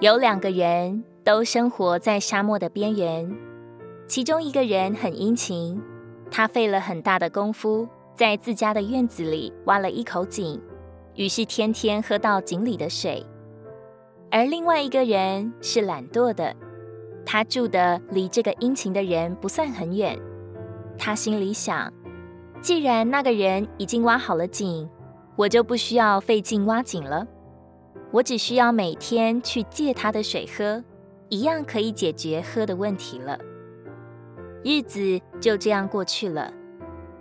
有兩個人都生活在沙漠的邊緣，其中一個人很殷勤，他費了很大的功夫在自家的院子裡挖了一口井，於是天天喝到井裡的水。而另外一個人是懶惰的，他住的離這個殷勤的人不算很遠，他心裡想：既然那個人已經挖好了井，我就不需要費勁挖井了。我只需要每天去借他的水喝，一樣可以解決喝的問題了。日子就這樣過去了。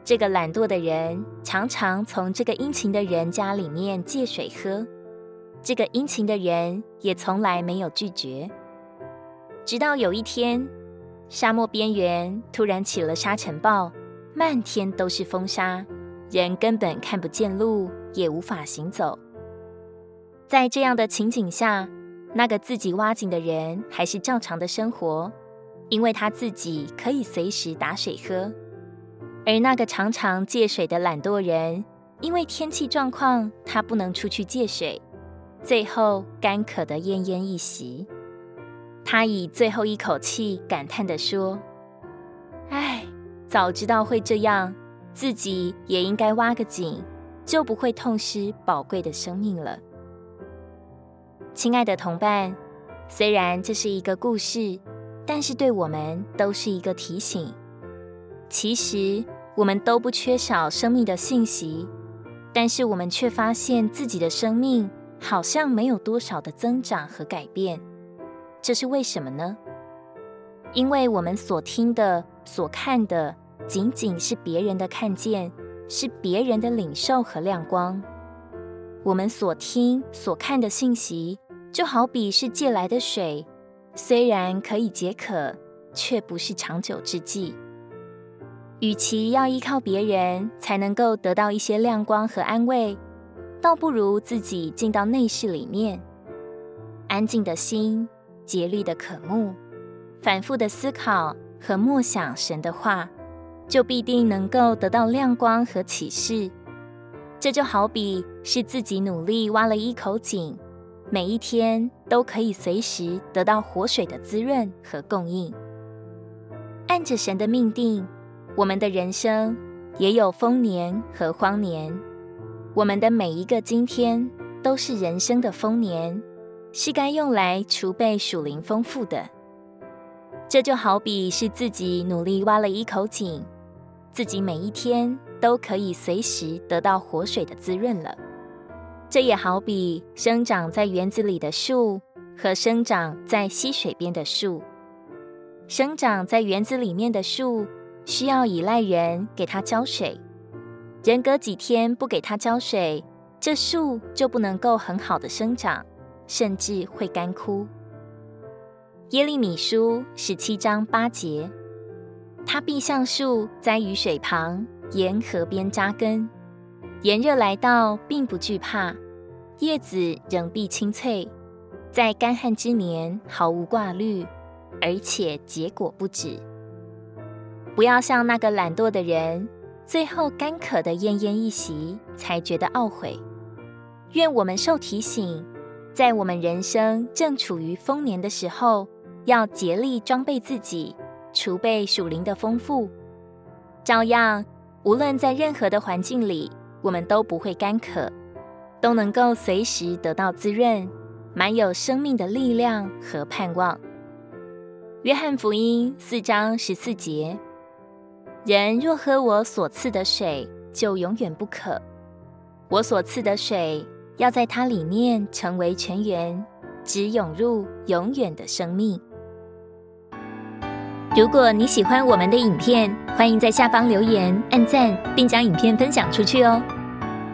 這個懶惰的人常常從這個殷勤的人家裡面借水喝，這個殷勤的人也從來沒有拒絕。直到有一天，沙漠邊緣突然起了沙塵暴，漫天都是風沙，人根本看不見路，也無法行走。在這樣的情景下，那個自己挖井的人還是照常的生活，因為他自己可以隨時打水喝。而那個常常借水的懶惰人，因為天氣狀況，他不能出去借水，最後乾渴得奄奄一息。他以最後一口氣感嘆地說：“哎，早知道會這樣，自己也應該挖個井，就不會痛失寶貴的生命了。”親愛的同伴，雖然這是一個故事，但是對我們都是一個提醒。其實我們都不缺少生命的信息，但是我們卻發現自己的生命好像沒有多少的增長和改變。這是為什麼呢？因為我們所聽的、所看的，僅僅是別人的看見，是別人的領受和亮光。我們所聽、所看的信息，就好比是借來的水，雖然可以解渴，卻不是長久之計。與其要依靠別人才能夠得到一些亮光和安慰，倒不如自己進到內室裡面，安靜的心，竭力的渴慕，反覆的思考和默想神的話，就必定能夠得到亮光和啟示。這就好比是自己努力挖了一口井。每一天都可以隨時得到活水的滋潤和供應。按着神的命定，我們的人生也有豐年和荒年。我們的每一個今天都是人生的豐年，是該用來儲備屬靈豐富的。這就好比是自己努力挖了一口井，自己每一天都可以隨時得到活水的滋潤了。這也好比生長在園子裡的樹和生長在溪水邊的樹，生長在園子裡面的樹需要依賴人給它澆水，人隔幾天不給它澆水，這樹就不能夠很好的生長，甚至會乾枯。耶利米書十七章八節，他必像樹栽於水旁，沿河邊扎根。炎熱來到，並不懼怕；葉子仍必青翠，在乾旱之年毫無掛慮，而且結果不止。不要像那個懶惰的人，最後乾渴得奄奄一息，才覺得懊悔。願我們受提醒，在我們人生正處於豐年的時候，要竭力裝備自己，儲備屬靈的豐富。照樣，無論在任何的環境裡。我們都不會乾渴，都能夠隨時得到滋潤，滿有生命的力量和盼望。約翰福音四章十四節：人若喝我所賜的水，就永遠不渴。我所賜的水要在他裡面成為泉源，直湧入永遠的生命。如果你喜歡我們的影片，歡迎在下方留言、按讚，並將影片分享出去哦。